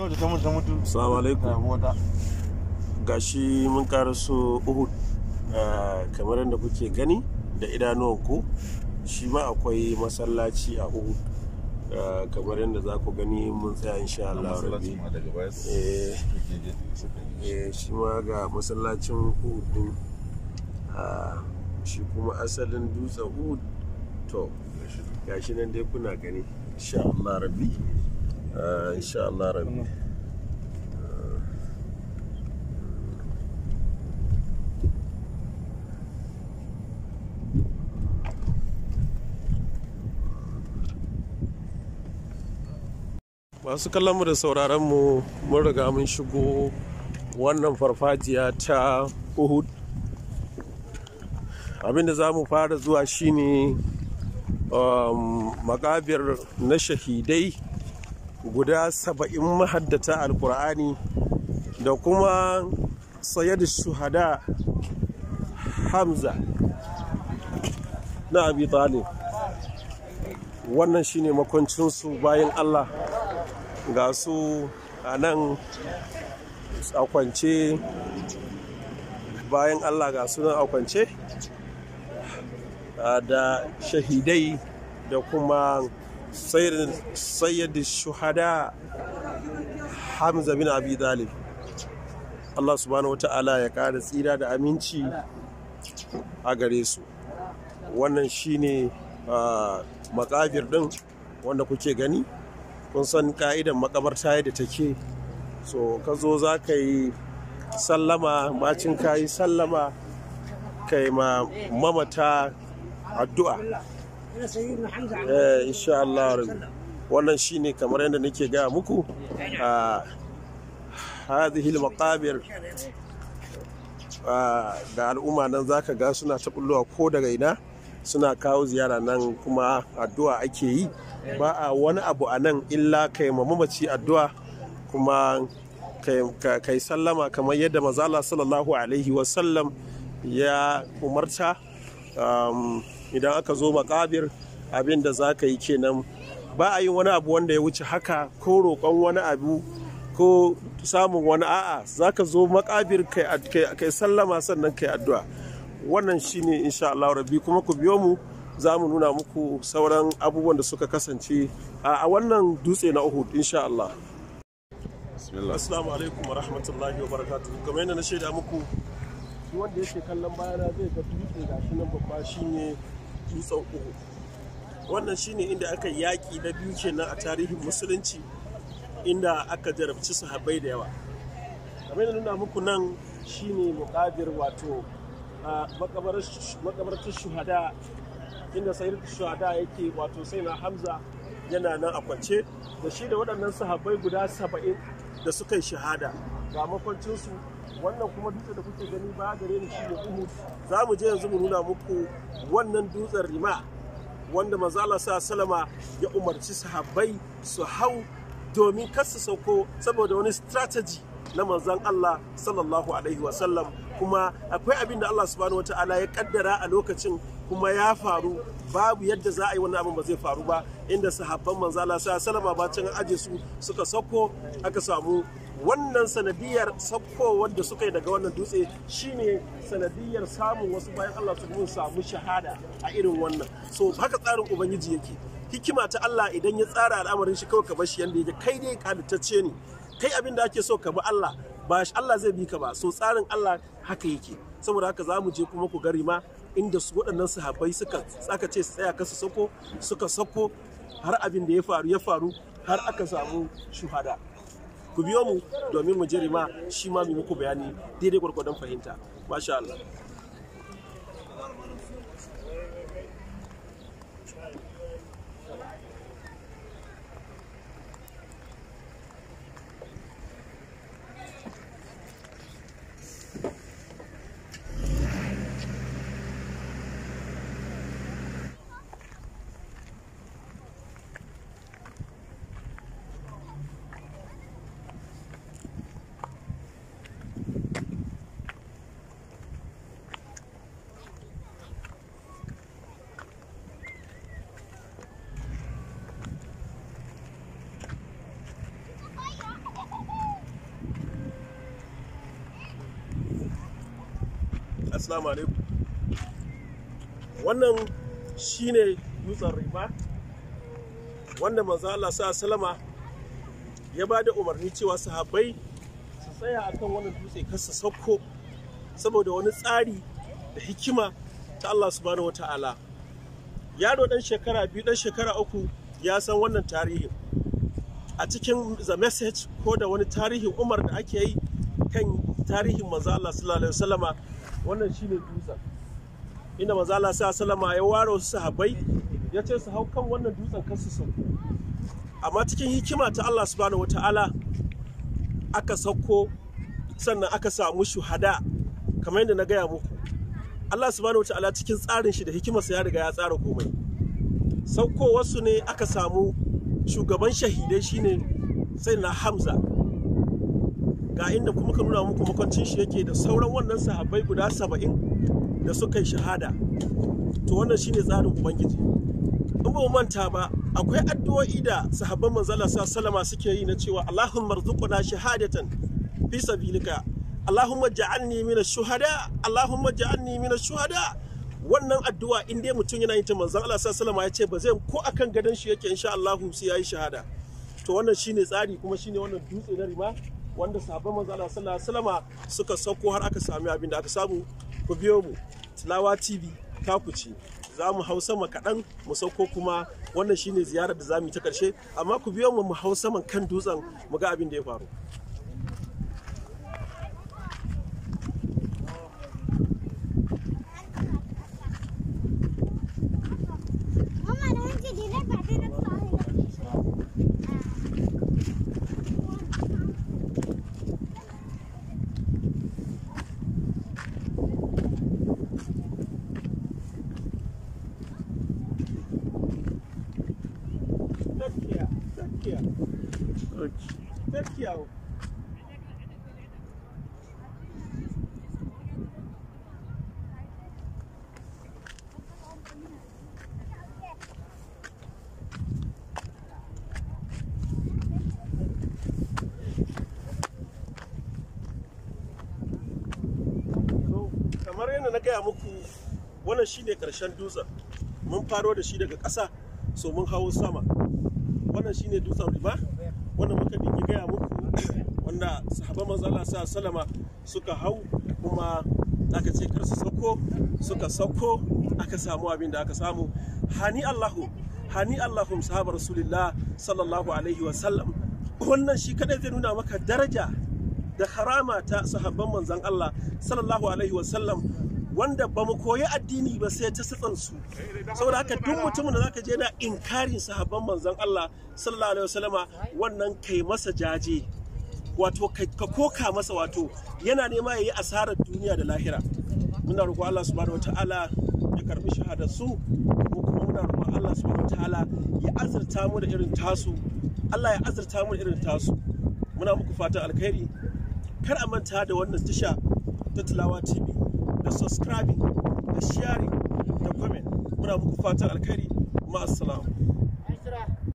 Salamu alaikum. Gashi mun so Uhud eh, kamar yadda kuke gani da idanuwanku shi ma akwai masallaci a Uhud eh, kamar yadda za ku gani mun tsaya insha Allah rabi. Eh, shi ma ga masallacin Uhud ah, shi kuma asalin dutsen Uhud to gashi nan dai kuna gani insha Allah rabi. insha Allah rabbi masu kallonmu da sauraronmu mun riga mun shigo wannan farfajiya ta uhud abinda za mu fara zuwa shine um, makabir na shahidai guda saba'in mahaddata alkur'ani da kuma sayyid shuhada hamza na abi talib wannan shine makwancinsu bayan allah ga su a nan akwance bayan allah ga sunan a kwance da shahidai da kuma sayyid shuhada hamza bin abi dalib Allah subhanahu wata'ala ya ƙara tsira da aminci a gare su wannan shine ne makabir din wanda kuke gani kun san ka'idan makabarta yadda take so ka zo za ka yi sallama macin ka yi sallama kai ma mamata addu'a eh insha Allah wannan shine kamar yadda nake gaya muku a ah, hadihil maqabir ah, da al'umma nan zaka ga suna ta bullowa ko daga ina suna kawo ziyara nan kuma addu'a ake yi ba a wani abu a nan illa kai mamaci addu'a kuma kai sallama kamar yadda mazala sallallahu alaihi wasallam ya umarta um, idan aka zo makabir abin da za ka yi kenan ba a yi wani abu wanda ya wuce haka ko roƙon wani abu ko samun wani a'a za ka zo makabir kai sallama sannan kai addu'a wannan ne insha Allah rabbi kuma ku biyo mu za mu nuna muku sauran abubuwan da suka kasance a wannan dutse na Uhud insha Allah Assalamu alaikum wa rahmatullahi wa barakatuhu kamar yadda na shaida muku wanda yake kallon bayana zai ga dutse gashi nan babba shine biyu sau uku wannan shine inda aka yaƙi na biyu kenan a tarihin musulunci inda aka jarabci sahabbai da yawa kamar da nuna muku nan shine muƙadir wato a makabartar shuhada inda sayar shuhada yake wato sai na hamza yana nan a kwance da shi da waɗannan sahabbai guda saba'in da suka yi shahada ga makwancinsu wannan kuma dutse da kuke gani ba gare ni shi ne uhud za mu je yanzu mu nuna muku wannan dutsen rima wanda mazala sa salama ya umarci sahabbai su hau domin kar su sauko saboda wani strategy na manzan Allah sallallahu alaihi wasallam kuma akwai abin da Allah subhanahu wata'ala ya kaddara a lokacin kuma ya faru babu yadda za a yi wani abin ba zai faru ba inda sahabban manzala sa salama can aje su suka sauko aka samu wannan sanadiyar sauko wanda suka yi daga wannan dutse shine sanadiyar samun wasu bayan Allah su mun samu shahada a irin wannan so haka tsarin ubangiji yake hikima ta Allah idan ya tsara al'amarin shi kawai ka bar shi yanda yake kai dai kalitacce ne kai abin da ake so ka bi Allah ba Allah zai bi ka ba so tsarin Allah haka yake saboda haka za mu je kuma ku gari ma inda su waɗannan sahabbai suka tsaka ce su tsaya kasu sako suka sako har abin da ya faru ya faru har aka samu shuhada ku biyo mu domin mu jirima shi ma mu muku bayani daidai gwargwadon fahimta masha Allah assalamu alaikum wannan shine dutsen riba wanda manzo Allah sa salama ya ba da umarni cewa sahabbai su tsaya akan wannan dutse kar su sauko saboda wani tsari da hikima ta Allah subhanahu wata'ala yaro dan shekara biyu dan shekara uku ya san wannan tarihi a cikin the message ko da wani tarihin umar da ake yi kan tarihin manzo Allah sallallahu alaihi wasallama wannan shine dutsen inda manzo Allah sallallahu alaihi ya ware wasu sahabbai ya ce su hau kan wannan dutsen kan su sauko amma cikin hikima ta Allah subhanahu wataala aka sauko sannan aka samu shuhada kamar yadda na gaya muku Allah subhanahu wataala cikin tsarin shi da hikimarsa ya riga ya tsara komai saukowarsu ne aka samu shugaban shahidai shine sai na Hamza ga inda kuma ka nuna muku makwancin shi yake da sauran wannan sahabbai guda saba'in da suka yi shahada to wannan shine tsarin ubangiji in ba manta ba akwai addu'o'i da sahabban manzala salama suke yi na cewa Allahumma rzuqna shahadatan fi sabilika Allahumma ja'alni min ash-shuhada Allahumma ja'alni min ash-shuhada wannan addu'a in dai mutum yana yin ta manzon Allah wasallam ya ce ba zai ko akan gadon shi yake insha Allah sai yi shahada to wannan shine tsari kuma shine wannan dutse na rima wanda sahabban manzo Allah sallallahu alaihi wasallama suka sauko har aka sami abin da aka samu ku biyo mu tilawa tv ku ci za mu hau sama kaɗan mu sauko kuma wannan shine ziyarar da za mu yi ta karshe amma ku biyo mu mu hau saman kan dutsen mu ga abin da ya faru kamar yadda na gaya muku wannan shine karshen dutsen mun faro da shi daga ƙasa so mun hawo sama wannan shine dutsen riba wanda muka dinki gaya muku wanda sahaban manzala sa salama suka hau kuma aka ce kar su sauko suka sauko aka samu abin da aka samu hani allahu hani Allahu! sahaba rasulullah sallallahu alaihi wa sallam wannan shi kadai zai nuna maka daraja da harama ta sahabban manzan Allah sallallahu alaihi wa sallam wanda ba mu koyi addini ba sai ta satsan su saboda haka duk mutumin da zaka je na inkarin sahabban manzon Allah sallallahu alaihi wasallama wannan kai masa jaje wato ka koka masa wato yana nema yayi asarar duniya da lahira muna roƙo Allah subhanahu wataala ya karbi shahadar su ko kuma muna roƙo Allah subhanahu wataala ya azurta mu da irin tasu Allah ya azurta mu da irin tasu muna muku fatan alkhairi kar a manta da wannan tasha ta Tilawa TV da subscribing da sharing da comment muna muku fatan alkhairi ma'assalam